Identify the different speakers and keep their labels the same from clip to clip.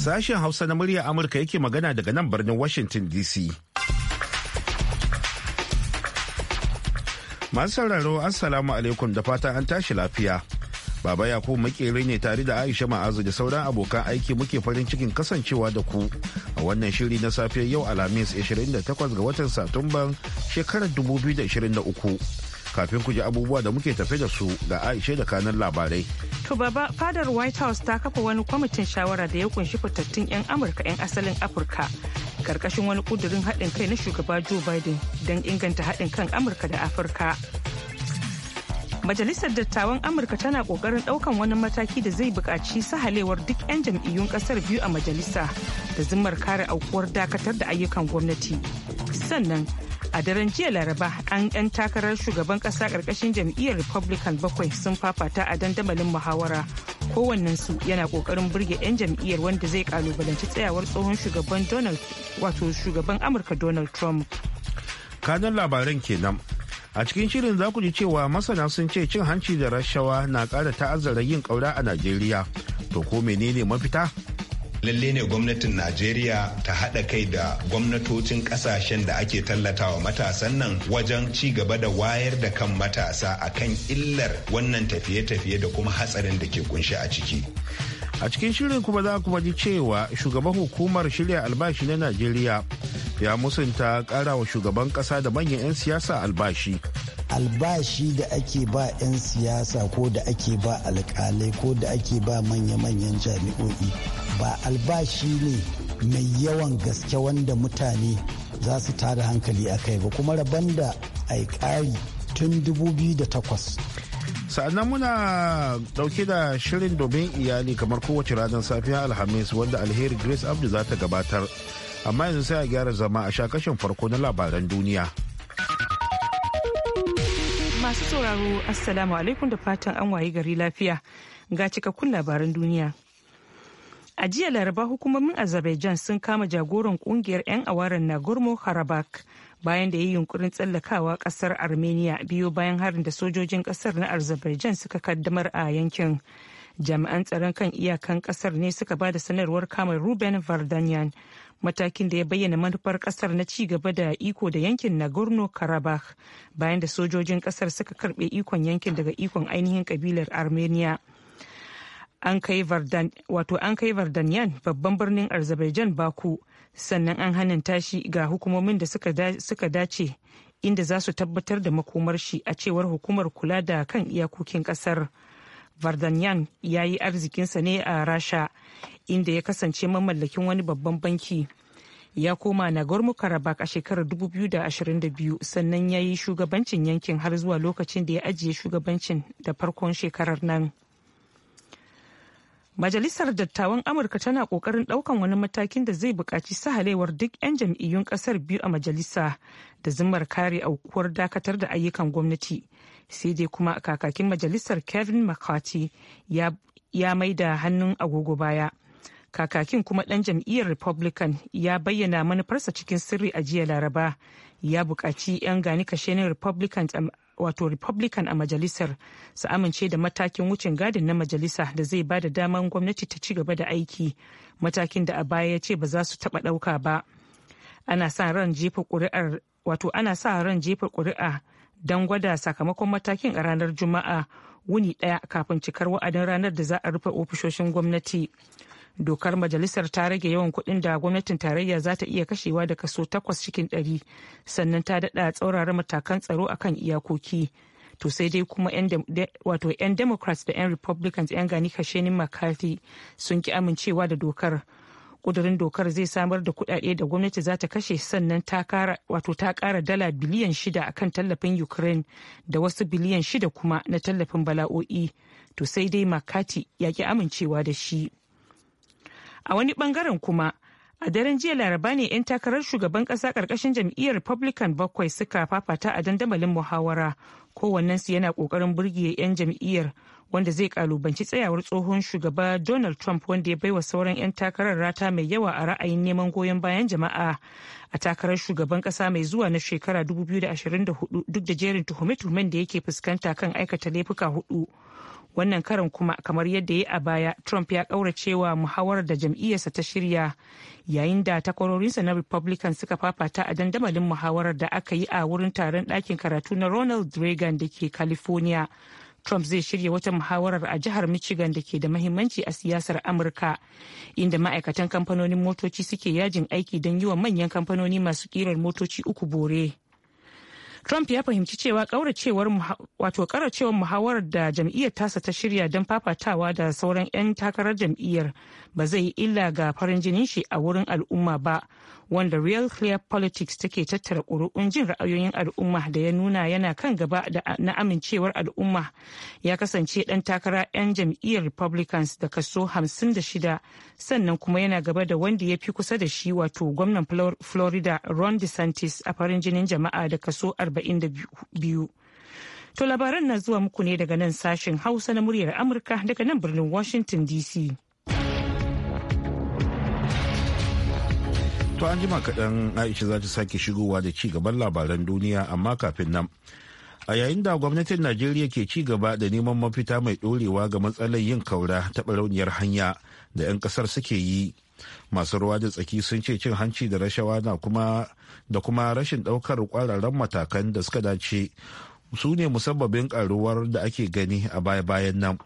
Speaker 1: Sashen Hausa na murya Amurka yake magana daga nan birnin Washington DC. Masu sauraro Assalamu alaikum da fata an tashi lafiya. Baba Yakubu makere ne tare da Aisha Ma'azu da sauran abokan aiki muke farin cikin kasancewa da ku a wannan shiri na safiyar yau Alhamis 28 ga watan Satumban shekarar 2023. kafin ku ji abubuwa da muke tafe da su ga aishe da kanan labarai.
Speaker 2: To baba fadar White House ta kafa wani kwamitin shawara da ya kunshi fitattun 'yan Amurka 'yan asalin Afirka. Karkashin wani kudurin haɗin kai na shugaba Joe Biden don inganta haɗin kan Amurka da Afirka. Majalisar Dattawan Amurka tana ƙoƙarin ɗaukan wani mataki da zai buƙaci sahalewar duk 'yan jam'iyyun ƙasar biyu a majalisa da zimmar kare aukuwar dakatar da ayyukan gwamnati. Sannan a daren jiya laraba an 'yan takarar shugaban kasa karkashin jam'iyyar republican bakwai sun fafata a dandamalin muhawara su yana kokarin burge 'yan jam'iyyar wanda zai kalubalanci tsayawar tsohon shugaban donald wato shugaban amurka donald trump
Speaker 1: kanan labaran kenan a cikin shirin za ku ji cewa masana sun ce cin hanci da rashawa na ƙara ta'azzara yin ƙaura a najeriya to ko menene mafita
Speaker 3: lalle ne gwamnatin najeriya ta haɗa kai da gwamnatocin ƙasashen da ake tallatawa matasan nan wajen ci gaba da wayar da kan matasa a kan illar
Speaker 1: wannan tafiye-tafiye da kuma hatsarin da ke kunshi a ciki a cikin shirin kuma za ku ji cewa shugaban hukumar shirya albashi na najeriya ya musunta kara wa shugaban ƙasa da manyan 'yan siyasa albashi albashi da ake ba 'yan
Speaker 4: siyasa ko da ake ba alƙalai ko da ake ba manya-manyan jami'o'i ba albashi ne mai yawan gaske wanda mutane za su tada hankali a kai ba kuma rabon da a yi ƙari tun 2008
Speaker 1: sa'annan muna dauke da shirin domin iyali kamar kowace ranar safiya alhamis wanda alheri grace abdu za ta gabatar amma yanzu sai a gyara zama a shakashin farko na labaran duniya
Speaker 2: masu sauraro assalamu alaikum da fatan an wayi gari lafiya ga cikakkun labaran duniya a jiya laraba hukumomin azerbaijan sun kama jagoran kungiyar 'yan awaren nagorno karabakh bayan da ya yi yunkurin tsallakawa kasar armenia biyu bayan harin da sojojin kasar na azerbaijan suka kaddamar a yankin jami'an tsaron kan iyakan kasar ne suka ba da sanarwar kama ruben vardanyan matakin da ya bayyana manufar kasar na ci gaba da iko da yankin nagorno karabakh bayan da sojojin kasar suka karbe ikon yankin daga ikon ainihin kabilar armenia an kai vardanyan babban birnin azerbaijan baku sannan an hananta shi ga hukumomin da suka dace inda za su tabbatar da makomar shi a cewar hukumar kula da kan iyakokin kasar vardanyan ya yi arzikinsa ne a rasha inda ya kasance mamallakin wani babban banki ya koma nagorno karabakh a shekarar 2022 sannan ya yi shugabancin yankin har zuwa lokacin da ya ajiye shugabancin da farkon shekarar nan. Majalisar Dattawan Amurka tana kokarin daukan wani matakin da zai buƙaci sahalewar duk 'yan jam'iyyun ƙasar biyu a majalisa da zimmar kare aukuwar dakatar da ayyukan gwamnati. Sai dai kuma a kakakin majalisar Kevin McCarthy ya, ya da hannun agogo baya. Kakakin kuma ɗan jam'iyyar Republican ya bayyana manufarsa cikin sirri a jiya Laraba. Ya buƙaci 'yan gani kashenin Republican wato republican a majalisar su amince da matakin wucin gadin na majalisa da zai ba da daman gwamnati ta ci gaba da aiki matakin da a baya ya ce ba za su taɓa ɗauka ba ana sa ran jefa kuri'ar wato ana sa ran jefa ƙuri'a don gwada sakamakon matakin a ranar juma'a wuni ɗaya kafin cikar wa'adin ranar da za a rufe ofishoshin gwamnati. dokar majalisar ta rage yawan kuɗin da gwamnatin tarayya za ta iya kashewa da kaso takwas cikin ɗari sannan ta daɗa tsaurara matakan tsaro akan iyakoki to sai dai kuma wato 'yan democrats da 'yan republicans 'yan gani kashenin mccarthy sun ki amincewa da dokar kudurin dokar zai samar da kuɗaɗe da gwamnati za ta kashe sannan ta kara dala biliyan shida akan tallafin ukraine da wasu biliyan shida kuma na tallafin bala'o'i to sai dai makati ya ki amincewa da shi a wani bangaren kuma a daren jiya laraba ne 'yan takarar shugaban kasa karkashin jam'iyyar republican bakwai suka fafata a dandamalin muhawara kowannensu yana kokarin burge 'yan jam'iyyar wanda zai kalubanci tsayawar tsohon shugaba donald trump wanda ya baiwa sauran 'yan takarar rata mai yawa a ra'ayin neman goyon bayan jama'a a takarar shugaban kasa mai zuwa na shekara 2024 duk da jerin tuhume-tuhumen da yake fuskanta kan aikata laifuka hudu wannan karin kuma kamar yadda ya a baya trump ya kauracewa muhawarar da jam'iyyarsa ta shirya yayin da takwarorinsa na republican suka fafata a dandamalin muhawarar da aka yi a wurin taron ɗakin karatu na ronald reagan da ke california Trump zai shirya wata muhawarar a jihar Michigan da ke da mahimmanci a siyasar Amurka, inda ma'aikatan kamfanonin motoci suke yajin aiki don yi wa manyan kamfanoni masu ƙirar motoci uku bore. Trump ya fahimci cewa ƙauracewar muhawarar da jam'iyyar tasa ta shirya don fafatawa da sauran 'yan takarar jam'iyyar ba zai yi illa ga farin jinin shi a wurin al'umma ba wanda real clear politics take tattara ƙuri'un jin ra'ayoyin al'umma da ya nuna yana kan gaba na amincewar al'umma ya kasance ɗan takara 'yan jam'iyyar republicans da kaso 56 sannan kuma yana gaba da wanda ya fi kusa da shi wato gwamnan florida ron desantis a farin jinin jama'a da kaso 42 To labaran na zuwa muku ne daga nan sashen Hausa na muryar Amurka daga nan birnin Washington DC.
Speaker 1: To an jima kaɗan Aisha za ta sake shigowa da ci gaban labaran duniya amma kafin nan. A yayin da gwamnatin Najeriya ke ci gaba da neman mafita mai ɗorewa ga matsalar yin kaura ta barauniyar hanya da 'yan ƙasar suke yi. Masu ruwa da tsaki sun ce cin hanci da rashawa na kuma da kuma rashin ɗaukar ƙwararren matakan da suka dace su ne musabbabin ƙaruwar da ake gani a baya-bayan nan.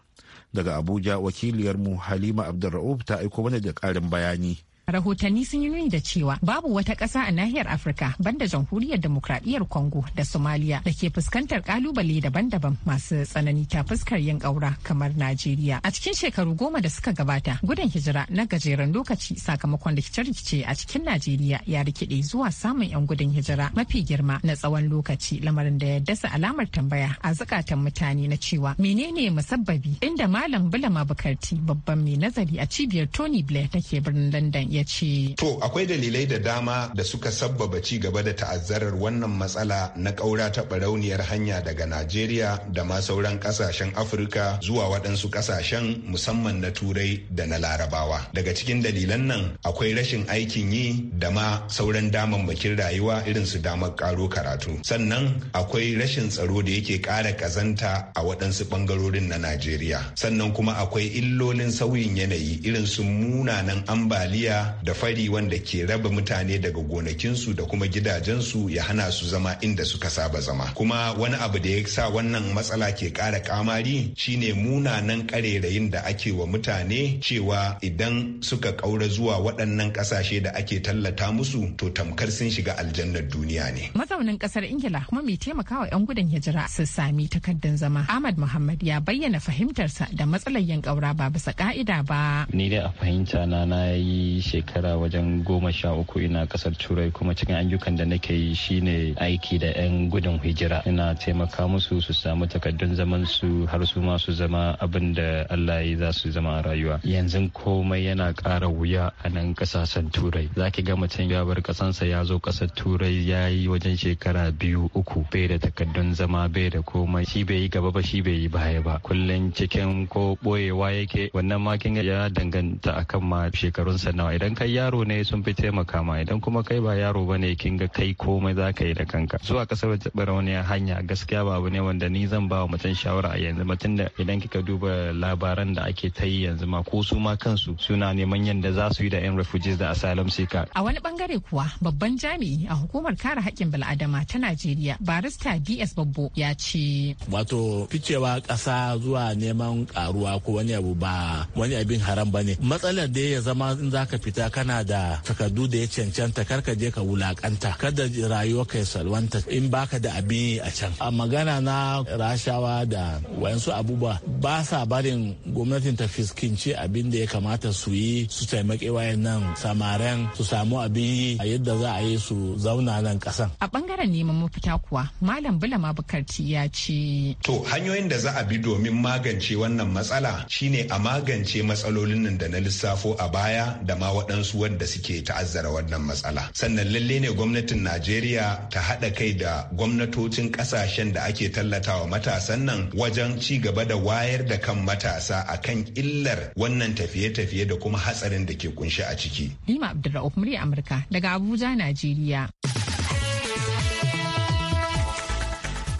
Speaker 1: Daga Abuja wakiliyarmu Halima Abdulra'uf ta aiko mana da ƙarin bayani.
Speaker 5: Rahotanni sun yi nuni da cewa babu wata ƙasa a nahiyar Afirka banda jamhuriyar demokradiyyar Congo da Somalia da ke fuskantar kalubale daban-daban masu tsanani ta fuskar yin ƙaura kamar Najeriya. A cikin shekaru goma da suka gabata gudun hijira na gajeren lokaci sakamakon rikice-rikice a cikin Najeriya ya rikide zuwa samun 'yan gudun hijira mafi girma na tsawon lokaci lamarin da ya dasa alamar tambaya a zukatan mutane na cewa menene musabbabi inda Malam Bulama Bukarti babban mai nazari a cibiyar Tony Blair take birnin London ya ce.
Speaker 3: To akwai dalilai da dama da suka sabbaba ci gaba da ta'azzarar wannan matsala na ƙaura ta barauniyar hanya daga Najeriya da ma sauran ƙasashen Afirka zuwa waɗansu ƙasashen musamman na Turai da na Larabawa. Daga cikin dalilan nan akwai rashin aikin yi da ma sauran damammakin rayuwa irin su damar ƙaro karatu. Sannan akwai rashin tsaro da yake ƙara ƙazanta a waɗansu ɓangarorin na Najeriya. Sannan kuma akwai illolin sauyin yanayi irin su munanan ambaliya da fari wanda ke raba mutane daga gonakinsu da kuma gidajensu ya hana su zama inda suka saba zama kuma wani abu da ya sa wannan matsala ke kara kamari shine munanan karerayin da ake wa mutane cewa idan suka ƙaura zuwa waɗannan ƙasashe da ake tallata musu to tamkar sun shiga aljannar duniya ne
Speaker 5: mazaunin ƙasar ingila kuma mai taimakawa 'yan gudun hijira su sami takardar zama ahmad muhammad ya bayyana fahimtarsa da matsalar yan ƙaura ba bisa ka'ida ba
Speaker 4: ni dai a fahimta na na yi shekara wajen goma sha uku ina kasar turai kuma cikin ayyukan da nake yi shine aiki da 'yan gudun hijira ina taimaka musu su samu takardun zaman su har su ma su zama abin da allah ya za su zama a rayuwa yanzu komai yana ƙara wuya a nan ƙasashen turai za ki ga mutum ya bar ƙasansa ya zo ƙasar turai ya yi wajen shekara biyu uku bai da takardun zama bai da komai shi bai yi gaba ba shi bai yi baya ba kullum cikin ko boyewa yake wannan makin ya danganta akan ma shekarunsa nawa idan kai yaro ne sun fi taimaka ma idan kuma kai ba yaro ba ne kin ga kai komai za ka yi da kanka zuwa kasar barauniyar hanya gaskiya ba abu ne wanda ni zan ba wa mutum shawara a yanzu mutum da idan kika duba labaran da ake ta yi yanzu ma ko su ma kansu suna neman yadda za su yi da 'yan refugees da asylum seeker.
Speaker 5: A wani bangare kuwa babban jami'i a hukumar kare haƙƙin bil'adama ta Najeriya barista DS Babbo ya ce.
Speaker 1: Wato ficewa ƙasa zuwa neman karuwa ko wani abu ba wani abin haram bane Matsalar da ya zama in za fita ita kana da takardu da ya cancanta kar ka je ka wulakanta kada rayuwa kai salwanta in baka da abin a can a magana na rashawa da wayansu abubuwa ba sa barin gwamnatin ta fiskinci abin da ya kamata su yi su taimaki nan samaren su samu abin yi a yadda za a yi su zauna nan kasan
Speaker 5: a bangaren neman mafita kuwa malam bulama bukarti ya ce
Speaker 1: to hanyoyin da za a bi domin
Speaker 3: magance wannan matsala shine a magance matsalolin nan da na lissafo a baya da ma waɗansu wanda suke ta'azzara wannan matsala sannan lalle ne gwamnatin najeriya ta haɗa kai da gwamnatocin ƙasashen da ake tallatawa matasan nan wajen ci gaba da wayar da kan matasa a kan illar wannan tafiye-tafiye da kuma hatsarin da ke kunshi
Speaker 5: a ciki. Lima murya Amurka daga Abuja, Najeriya.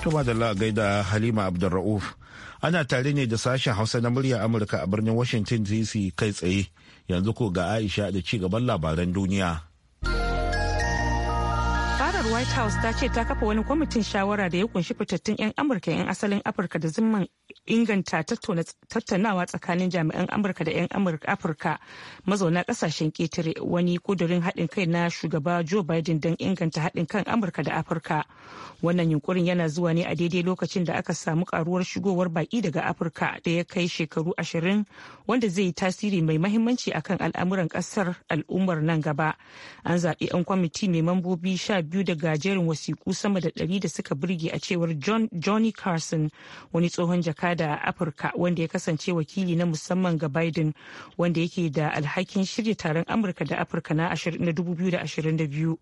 Speaker 1: Tuma da gaida Halima Abdulra'uf. Ana tare ne da sashen Hausa na murya Amurka a birnin Washington DC kai tsaye. yanzu ko ga aisha da ci gaban labaran duniya
Speaker 2: white house ta ce ta kafa wani kwamitin shawara da ya kunshi fitattun 'yan amurka 'yan asalin afirka da zimman inganta tattaunawa tsakanin jami'an amurka da 'yan afirka mazauna kasashen ketare wani kudurin haɗin kai na shugaba joe biden don inganta haɗin kan amurka da afirka wannan yunkurin yana zuwa ne a daidai lokacin da aka samu karuwar shigowar baki daga afirka da ya kai shekaru ashirin wanda zai yi tasiri mai mahimmanci akan al'amuran ƙasar al'ummar nan gaba an zaɓi 'yan kwamiti mai mambobi sha biyu daga gajerin wasiku wasiƙu sama da ɗari da suka birge a cewar john Johnny Carson wani tsohon jakada a Afirka wanda ya kasance wakili na musamman ga Biden wanda yake da alhakin shirya taron Amurka da Afirka na 2022.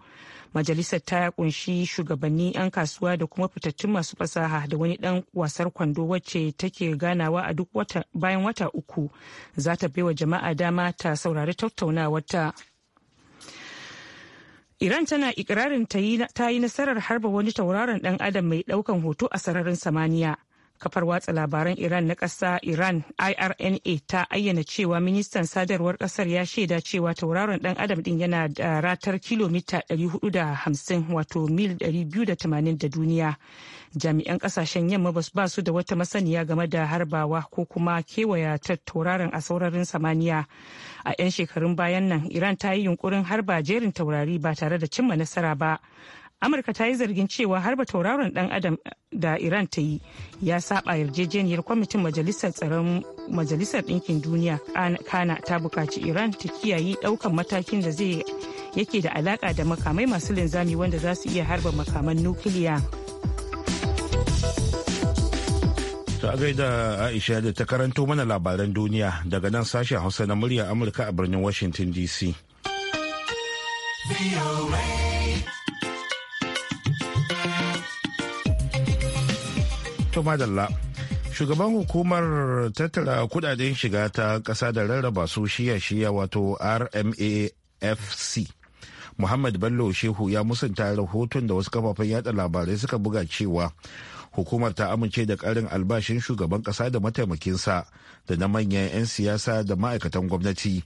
Speaker 2: Majalisar ta kunshi shugabanni 'yan kasuwa da kuma fitattun masu fasaha da wani ɗan wasar kwando wacce take ganawa a duk bayan wata uku za ta baiwa jama'a dama ta saurari tattaunawar ta. Iran tana ikirarin ta yi nasarar harba wani tauraron dan adam mai ɗaukan hoto a sararin samaniya. kafar watsa labaran iran na ƙasa iran irna ta ayyana cewa ministan sadarwar ƙasar ya shaida cewa tauraron dan adam din yana da ratar kilomita 450 wato mil 280 da duniya jami'an ƙasashen yamma ba su da wata masaniya game da harbawa ko kuma kewaya ta tauraron a saurarin samaniya a 'yan shekarun bayan nan iran ta yi yunkurin harba jerin taurari ba tare da cimma nasara ba amurka ta yi zargin cewa harba tauraron dan adam da iran ta yi ya saba yarjejeniyar kwamitin majalisar tsaron majalisar ɗinkin duniya kana ta bukaci iran ta kiyaye ɗaukan matakin da zai yake da alaƙa da makamai masu linzami wanda za su iya harba makaman nukiliya
Speaker 1: ta gaida aisha da ta karanto mana labaran duniya daga nan sashen hausa na murya amurka a birnin washington dc To madalla. Shugaban hukumar tattara kudaden shiga ta ƙasa da rarraba su shiya-shiya wato RMAFC. Muhammad Bello Shehu ya musanta rahoton da wasu kafafen yada labarai suka buga cewa hukumar ta amince da karin albashin shugaban kasa da mataimakinsa da na manyan 'yan siyasa da ma'aikatan gwamnati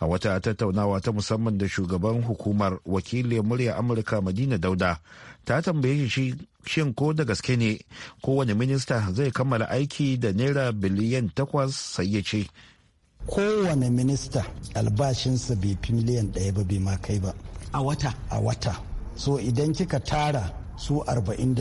Speaker 1: a wata tattaunawa ta musamman da shugaban hukumar wakilin murya amurka madina dauda ta tambaye shi shin ko da gaske ne kowane minista zai kammala aiki da naira biliyan takwas sai ya ce kowane minista albashinsa bai
Speaker 4: fi miliyan ɗaya ba bai ma kai ba a wata a wata so idan kika tara su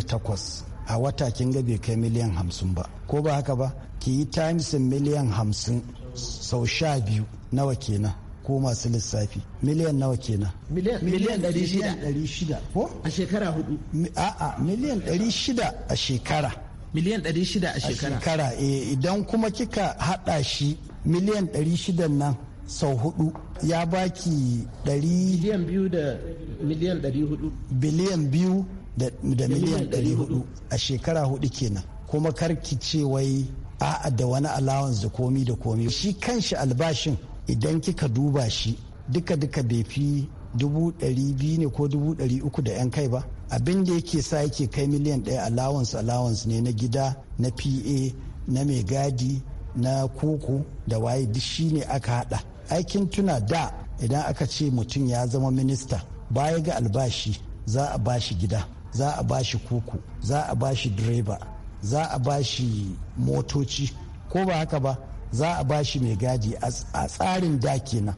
Speaker 4: takwas. a wata kin ga bai kai miliyan hamsin ba ko ba haka ba ki yi times miliyan hamsin sau sha biyu nawa kenan ko masu lissafi miliyan nawa kenan miliyan ɗari shida ko a shekara hudu a'a miliyan ɗari shida a shekara miliyan ɗari shida a shekara a shekara eh, idan kuma kika haɗa shi miliyan ɗari shida nan sau hudu ya baki ɗari biliyan biyu da miliyan ɗari hudu biliyan biyu da miliyan 400 a shekara hudu kenan kuma karki ce wai a'a da wani allowance da komi da komi shi kanshi albashin idan kika duba shi duka-duka bai fi dubu ɗari biyu ne ko dubu ɗari uku da 'yan kai ba abin da yake sa yake kai miliyan ɗaya allowance allowance ne na gida na pa na mai gadi na koko da waye duk shi ne aka hada aikin tuna da idan aka ce mutum ya zama minista baya ga albashi za a bashi gida za a ba shi kuku za a ba shi direba za a ba shi motoci ko ba haka ba za a ba shi mai gadi a tsarin da kenan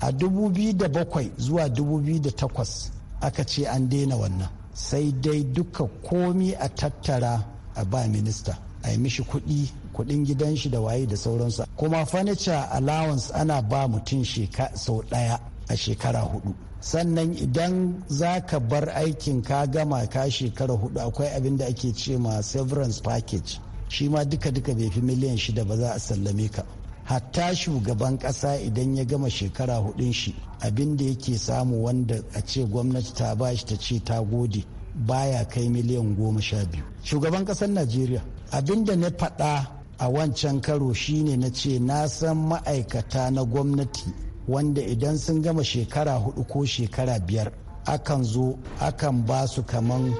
Speaker 4: a 2007 zuwa 2008 aka ce an daina wannan sai dai duka komi a tattara a ba minista a yi mishi kuɗi kuɗin gidan shi da waye da sauransa kuma furniture allowance ana ba mutum sau ɗaya a shekara hudu sannan idan za ka bar aikin ka gama ka shekara hudu akwai abin da ake ce ma severance package shi ma duka-duka bai fi miliyan shida ba za a sallame ka hatta shugaban kasa idan ya gama shekara hudun shi abin da yake samu wanda a ce gwamnati ta bashi ta ce ta gode baya kai miliyan goma sha biyu shugaban kasar najeriya abin da na faɗa a wancan karo shine na ce na san ma'aikata na gwamnati wanda idan sun gama shekara hudu ko shekara biyar akan zo akan ba su kaman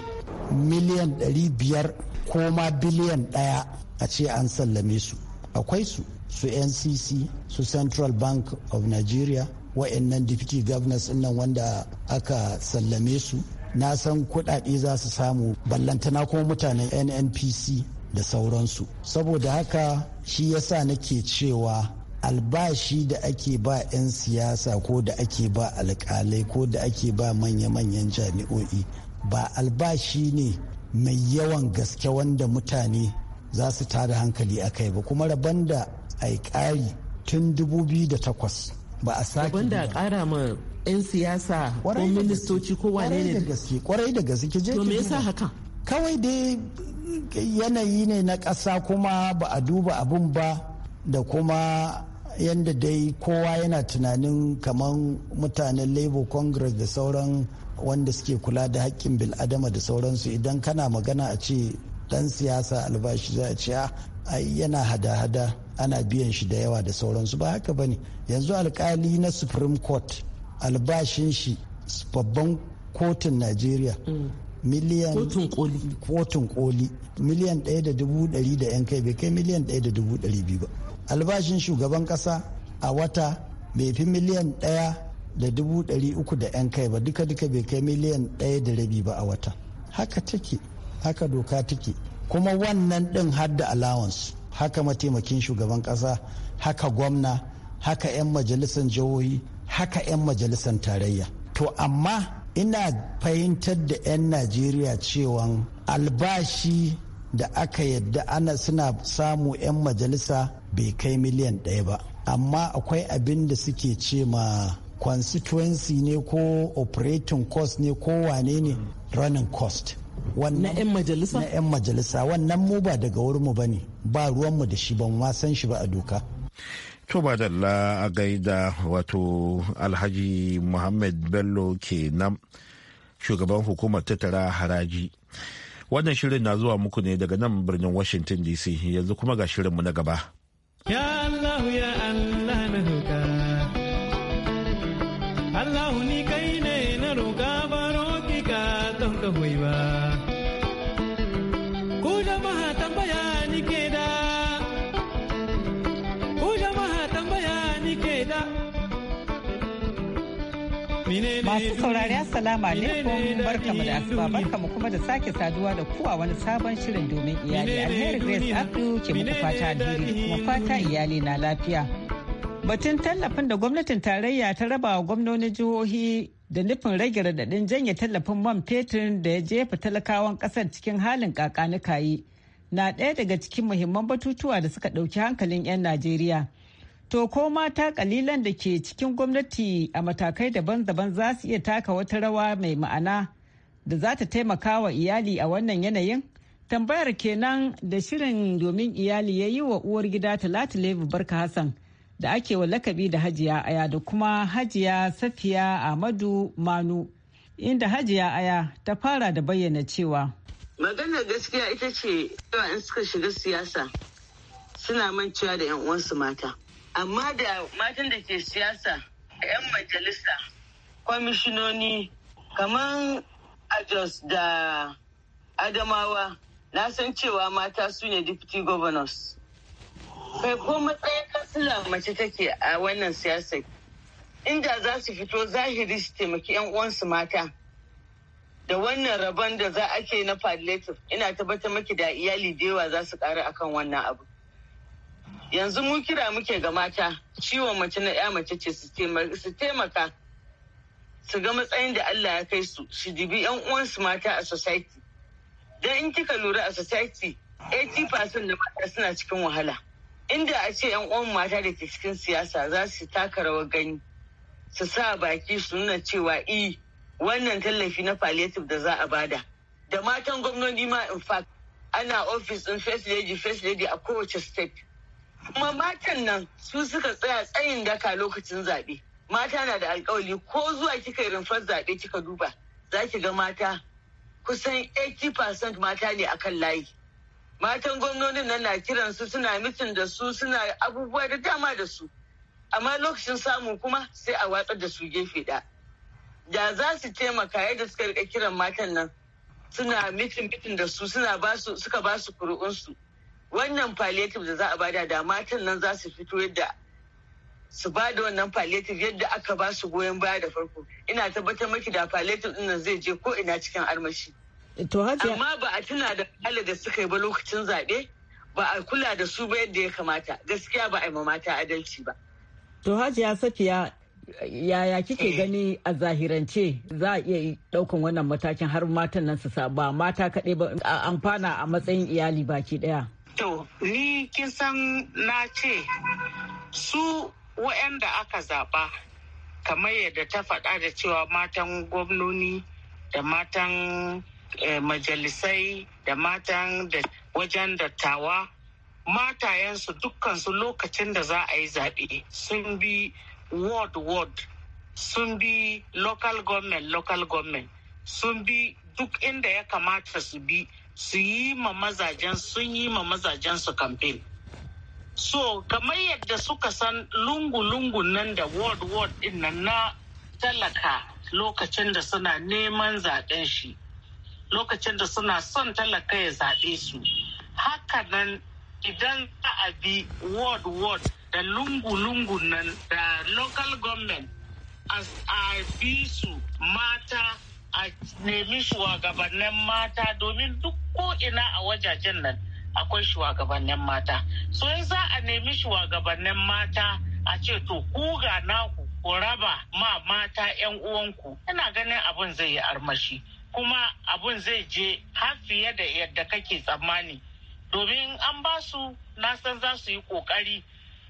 Speaker 4: miliyan biyar ko ma biliyan daya a ce an sallame su akwai su su ncc su central bank of nigeria wa'annan deputy governors nan wanda aka sallame su na san kudade za su samu ballantana kuma mutanen nnpc da sauransu saboda haka shi yasa nake cewa albashi da ake ba 'yan siyasa ko da ake ba alkalai ko da ake ba manya-manyan jami'o'i ba albashi ne mai yawan gaske wanda mutane za su tada hankali a kai ba kuma rabon da a yi ƙari tun 2008
Speaker 6: ba a sake ba. da a ƙara ma 'yan siyasa ko ministoci ko wane ne da.
Speaker 4: kwarai da gaske je to me yasa haka kawai dai yanayi ne na ƙasa kuma ba a duba abun ba da kuma yadda dai kowa yana tunanin kamar mutanen labour congress da sauran wanda suke kula da hakkin bil'adama da sauransu idan kana magana a ce dan siyasa albashi za a ce ah, yana hada-hada ana biyan shi da yawa da sauransu ba haka ba ne yanzu alkali na supreme court albashin shi babban kotun nigeria. miliyan kotun koli miliyan ɗaya da dubu da yan kai bai kai miliyan ɗaya da dubu ba albashin shugaban kasa a wata bai fi miliyan ɗaya da dubu ɗari uku da 'yan kai ba duka duka bai kai miliyan ɗaya da rabi ba a wata haka take haka doka take kuma wannan ɗin har da allowance haka mataimakin shugaban kasa haka gwamna haka 'yan majalisar jihohi haka 'yan majalisar tarayya to amma ina fahimtar da 'yan najeriya cewa albashi da aka yadda ana suna samu 'yan majalisa bai kai miliyan ɗaya ba amma akwai abin da suke ce ma constituency ne ko operating cost ne ko wane ne running cost na 'yan majalisa wannan mu ba daga wurinmu ba ne ba ruwanmu da shi mu san shi ba
Speaker 1: a doka to ba dalla a gaida wato alhaji muhammad bello kenan shugaban hukumar tattara haraji wannan shirin na zuwa muku ne daga nan birnin washington dc yanzu kuma ga shirinmu na gaba
Speaker 3: Yeah.
Speaker 6: Masu saurari assalamu alaikum mu da asuba mu kuma da sake saduwa da kuwa wani sabon shirin domin iyali alheri Grace Abdu ke muku fata alheri kuma fata iyali na lafiya. Batun tallafin da gwamnatin tarayya ta raba wa gwamnonin jihohi da nufin rage radadin janye tallafin man fetur da ya jefa talakawan kasar cikin halin kakanikayi na ɗaya daga cikin muhimman batutuwa da suka ɗauki hankalin 'yan Najeriya. To ko mata kalilan da ke cikin gwamnati a matakai daban-daban za su iya taka wata rawa mai ma'ana da za ta taimaka wa iyali a wannan yanayin? Tambayar kenan da shirin domin iyali ya yi wa uwar gida Talatu Lebu Barka Hassan da ake wa lakabi da Hajiya Aya da kuma Hajiya Safiya Ahmadu Manu inda Hajiya Aya ta fara da bayyana cewa.
Speaker 7: Maganar gaskiya ita ce yawa in suka shiga siyasa suna mancewa da 'yan uwansu mata. amma da matan da ke siyasa 'yan majalisa kwamishinoni kamar ajos da adamawa na san cewa mata su ne deputy governors kai ko matsayin kansila mace take a wannan siyasa inda za su fito zahiri su taimaki 'yan uwansu mata da wannan rabon da za ake na palliative ina tabbatar maki da iyali da yawa za su ƙara akan wannan abu yanzu mu kira muke ga mata ciwon mace na ya mace ce su taimaka su ga matsayin da Allah ya kai su su dibi yan uwansu mata a society don in kika lura a society 80% da mata suna cikin wahala inda a ce yan uwan mata da ke cikin siyasa za su taka rawar gani su sa baki su nuna cewa i eh, wannan tallafi na palliative da za a bada da matan gwamnoni ma in fact ana office din first lady first lady a kowace state kuma matan nan su suka tsaya tsayin daka lokacin zaɓe mata na da alkawali ko zuwa kika yi rumfar zaɓe kika duba za ki ga mata kusan 80% mata ne a kan layi matan gwamnonin nan na kiran su suna mitin da su suna abubuwa da dama da su amma lokacin samu kuma sai a watsar da su gefe da da za su taimaka yadda suka rika kiran matan nan suna mitin mitin da su suna ba suka basu kuri'unsu wannan palliative da za a bada da matan nan za su fito yadda su ba da wannan palliative yadda aka ba su goyon baya da farko ina tabbatar maki da palliative din nan zai je ko ina cikin armashi
Speaker 6: amma
Speaker 7: ba a tuna da hala da suka yi ba lokacin zaɓe ba a kula da su ba yadda ya kamata gaskiya ba a yi mata adalci ba
Speaker 6: to hajiya safiya yaya kike eh. gani a zahirance za a iya daukan wannan matakin har matan nan su ba mata kaɗai ba amfana a matsayin iyali baki ɗaya.
Speaker 8: To, ni kisan na ce su wa'anda aka zaɓa kamar yadda ta faɗa da cewa matan gwamnoni da matan eh, majalisai da matan da wajen dattawa matayensu dukkansu lokacin da za a yi zaɓe sun bi ward ward sun bi local government local government sun bi duk inda ya kamata su bi su yi ma mazajen sun yi ma mazajen su campaign so kamar yadda suka san lungu-lungu nan da world ward din na talaka lokacin da suna neman zaɓen shi lokacin da suna son talaka ya zaɓe su hakanan idan za a bi world ward da lungu-lungu nan da local government a bi su mata a nemi shugabannin mata domin duk ko ina a wajajen nan akwai shugabannin mata so in za a nemi shugabannin mata a ce to kuga naku ku raba ma mata 'yan uwanku ina ganin abin zai yi armashi kuma abin zai je har fiye da yadda kake tsammani domin an ba su na san za su yi kokari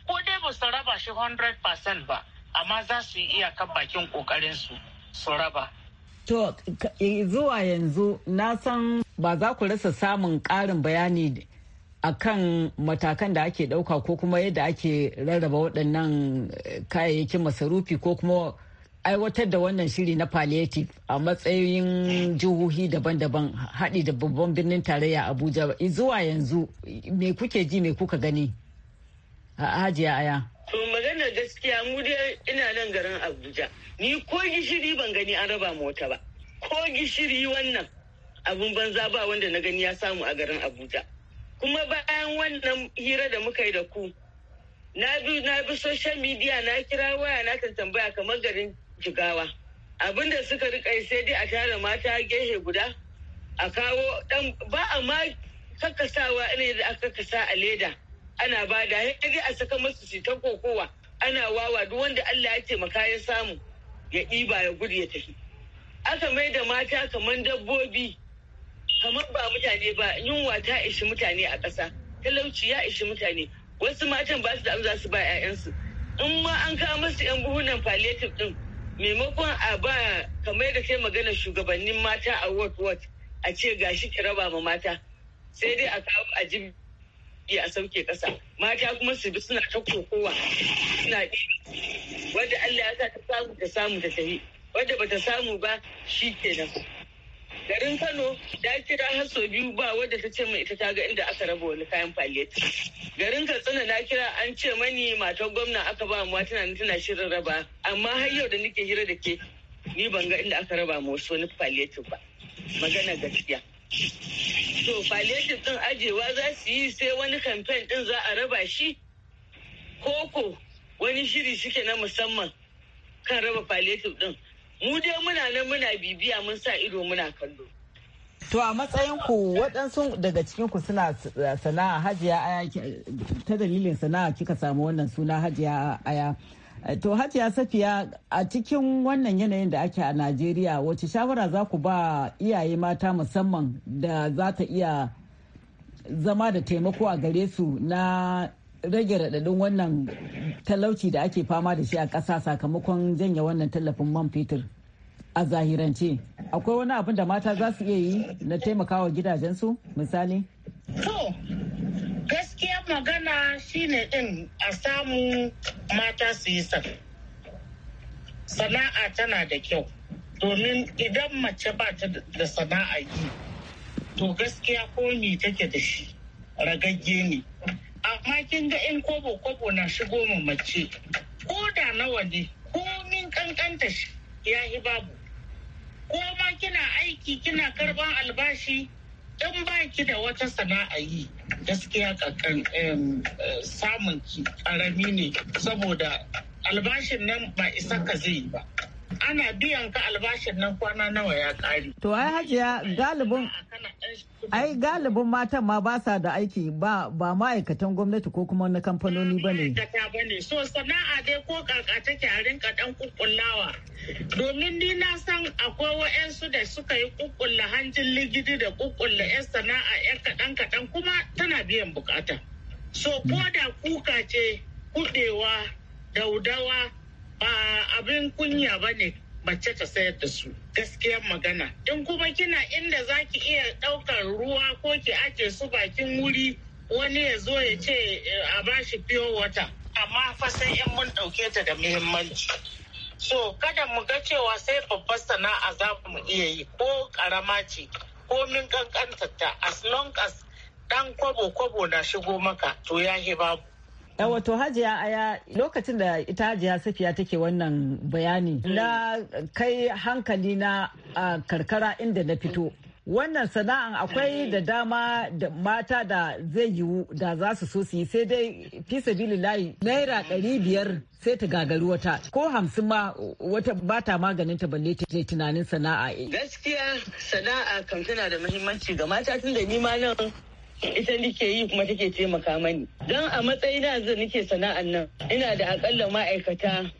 Speaker 8: ko dai ba su raba shi 100% ba amma za su yi iyakan bakin kokarin su su raba
Speaker 6: To zuwa yanzu na san ba za ku rasa samun ƙarin bayani akan matakan da ake ɗauka ko kuma yadda ake rarraba waɗannan eh, kayayyakin masarufi ko kuma aiwatar da wannan shiri na palliative a matsayin jihohi daban-daban haɗi da babban birnin tarayya abuja zuwa yanzu me kuke ji me kuka gani a hajiya aya
Speaker 7: To maganar gaskiya mu dai ina nan garin Abuja. Ni ko gishiri ban gani an raba mota ba. Ko gishiri wannan abun banza ba wanda na gani ya samu a garin Abuja. Kuma bayan wannan hira da muka yi da ku, na bi na bi social media na kira waya na kan tambaya kamar garin Jigawa. Abin da suka rika sai dai a tara mata gehe guda a kawo dan ba a ma kakkasawa ne da aka kasa a leda. ana bada da dai a saka masu su ta kokowa ana wawa duk wanda Allah ya taimaka ya samu ya ɗiba ya gudu ya tafi aka mai da mata kamar dabbobi kamar ba mutane ba yunwa ta ishi mutane a ƙasa talauci ya ishi mutane wasu matan ba su da za su ba 'ya'yansu in ma an kawo masu 'yan buhunan palliative ɗin maimakon a ba kamar da kai magana shugabannin mata a ward ward a ce gashi ki raba ma mata sai dai a kawo a jibi sauki a sauke kasa mata kuma su bi suna ta kokowa suna wadda Allah ya sa ta samu ta samu ta tafi wadda bata samu ba shi kenan garin Kano da kira har sau biyu ba wadda ta ce mai ita ta ga inda aka raba wani kayan faliyeti. Garin Katsina na kira an ce mani matar gwamna aka ba mu tana tana shirin raba amma har yau da nake hira da ke ni ban ga inda aka raba mu wasu wani faliyeti ba. Magana gaskiya. to palliative din ajewa za su yi sai wani kamfen din za a raba shi ko wani shiri suke na musamman kan raba palliative din mu dai muna nan muna bibiya mun sa ido muna kallo
Speaker 6: To a matsayin ku waɗansu daga cikin ku suna sana'a hajiya aya ta dalilin sana'a kika samu wannan suna hajiya aya To Hajiya Safiya a cikin wannan yanayin da ake a Najeriya wace shawara za ku ba iyaye mata musamman da za ta iya zama da taimako a gare su na rage raɗaɗin wannan talauci da ake fama da shi a ƙasa sakamakon janya wannan tallafin man fetur a zahirance. Akwai wani abin da mata za su iya yi na taimakawa gidajensu misali?
Speaker 8: magana shine ɗin a samu mata su yi sana'a tana da kyau domin idan mace ba ta da sana'a yi to gaskiya komi ni take da shi ragagge ne amma kin ga in kobo kobo na shigo ma mace ko da nawa ne ko min kankanta shi ya yi babu ko ma kina aiki kina karban albashi in ba ki da wata sana'a yi gaskiya eh, samun ki karami ne saboda albashin nan ba isa ka zai ba ana biyan ka albashin nan kwana nawa ya kare. To ai hajiya galibin
Speaker 6: ai galibin matan ma ba sa da aiki ba ba ma'aikatan gwamnati ko kuma na kamfanoni ba ne.
Speaker 8: So sana'a dai ko kaka take a rinka dan kukullawa. Domin ni na san akwai waɗansu da suka yi kukulla hanjin ligidi da kukulla 'yan sana'a 'yan kaɗan kaɗan kuma tana biyan bukata. So ko da kuka ce kuɗewa daudawa ba abin kunya ba ne mace ta sayar da su gaskiyar magana in kuma kina inda za ki iya ɗaukar ruwa ko ki ake su bakin wuri wani ya zo ya ce eh, a bashi fiyo wata amma fa sai in mun ɗauke ta da muhimmanci so kada mu ga cewa sai babbar sana'a za mu iya yi ko ƙarama ce ko min ƙanƙantar ta as long as ɗan kwabo kwabo na shigo maka to ya babu
Speaker 6: wato hajiya aya lokacin da ita hajiya safiya take wannan bayani mm. na kai hankali na karkara inda na fito wannan sana'an akwai da dama da mata da zai yiwu da za su so su yi sai dai fi layi. naira ɗari biyar sai ta gagari wata ko hamsin ma wata ba maganin ta balle ta tunanin sana'a
Speaker 7: gaskiya sana'a kan tana da muhimmanci ga mata tun da ni ma nan ita nike yi kuma take taimaka mani don a matsayina zan nike sana'an nan ina da akalla ma'aikata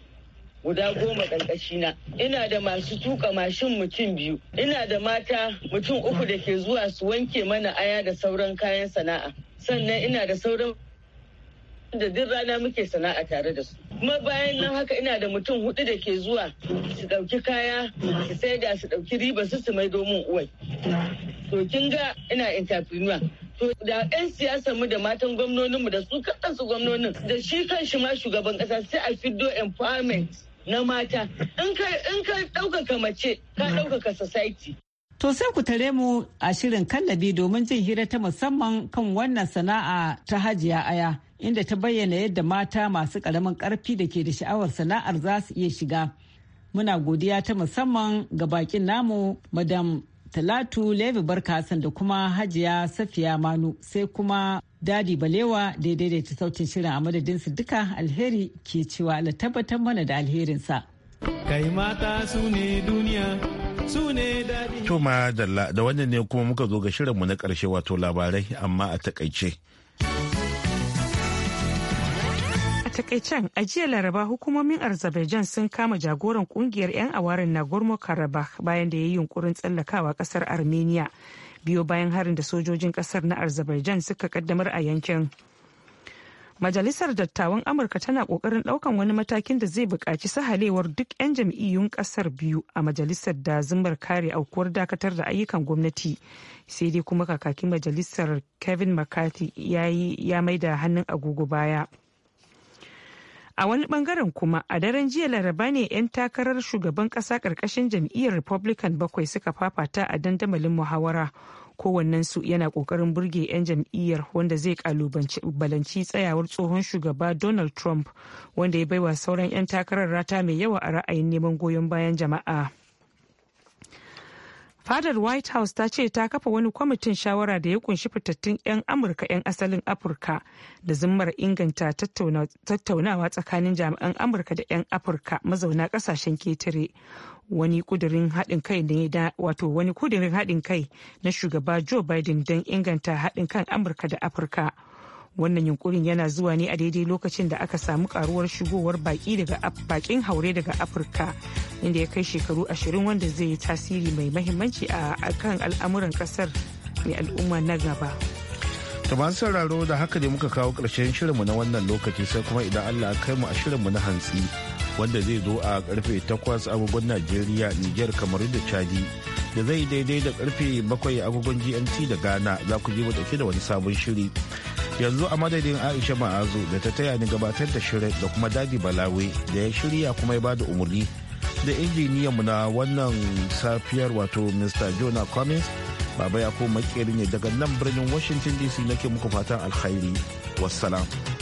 Speaker 7: guda goma ƙarƙashina ina da masu tuka mashin mutum biyu ina da mata mutum uku da ke zuwa su wanke mana aya da sauran kayan sana'a sannan ina da sauran da duk rana muke sana'a tare da su kuma bayan nan haka ina da mutum hudu da ke zuwa su ɗauki kaya su da su ɗauki riba su su mai domin uwai to kin ga ina entrepreneur to da 'yan siyasa mu da matan gwamnoninmu da su kansu gwamnonin da shi kan shi ma shugaban ƙasa, sai a fiddo empowerment na mata in ka ɗaukaka mace ka ɗaukaka society
Speaker 6: To sai ku tare mu a shirin kallabi domin jin hira ta musamman kan wannan sana'a ta hajiya aya inda ta bayyana yadda mata masu ƙaramin ƙarfi da ke da sha'awar sana'ar za su iya shiga. Muna godiya ta musamman ga bakin namu Madam Talatu Levi Barkasan da kuma Hajiya Safiya Manu sai kuma Dadi Balewa da daidaita sautin shirin a madadinsu duka alheri ke cewa Allah tabbatar mana da alherinsa.
Speaker 1: Kai mata su ne duniya su ne dadi. To da wannan ne kuma muka zo ga shirinmu na karshe wato labarai amma a takaice.
Speaker 2: takaicen a jiya laraba hukumomin azerbaijan sun kama jagoran kungiyar 'yan awarin nagorno karabakh bayan da ya yi yunkurin tsallakawa kasar armenia biyo bayan harin da sojojin kasar na azerbaijan suka kaddamar a yankin majalisar dattawan amurka tana kokarin daukan wani matakin da zai buƙaci sahalewar duk 'yan jam'iyyun ƙasar biyu a majalisar da zumar kare aukuwar dakatar da ayyukan gwamnati sai dai kuma kakakin majalisar kevin mccarthy ya mai da hannun agogo baya a wani bangaren kuma a daren jiya laraba ne 'yan takarar shugaban kasa karkashin jam'iyyar republican bakwai suka fafata a dandamalin muhawara su yana kokarin burge 'yan jam'iyyar wanda zai kalubalanci tsayawar tsohon shugaba donald trump wanda ya baiwa sauran 'yan takarar rata mai yawa a ra'ayin neman goyon bayan jama'a. fadar white house ta ce ta kafa wani kwamitin shawara da ya kunshi fitattun 'yan amurka 'yan asalin afirka da zimmar inganta tattaunawa tsakanin jami'an amurka da 'yan afirka mazauna kasashen ketare wani kudirin haɗin kai ne da wato wani kudirin haɗin kai na shugaba joe biden don inganta haɗin kan amurka da afirka wannan yunkurin yana zuwa ne a daidai lokacin da aka samu karuwar shigowar baki daga bakin haure daga afirka inda ya kai shekaru ashirin wanda zai yi tasiri mai mahimmanci a kan al'amuran kasar mai al'umma na gaba
Speaker 1: ta masu sauraro da haka ne muka kawo ƙarshen shirinmu na wannan lokaci sai kuma idan allah kai mu a shirinmu na hantsi wanda zai zo a karfe 8 agogon Najeriya, niger kamar da Chadi. Da zai daidai da karfe 7 agogon GMT da Ghana za ku ji mu da wani sabon shiri. yanzu a madadin aisha ma'azu da ta taya ni gabatar da shirin da kuma dadi balawe da ya shirya kuma ya bada umarni da injiniyan mu na wannan safiyar wato mr jonah cummins baba ya ko makeri ne daga nan birnin washington dc nake muku fatan alkhairi wassalam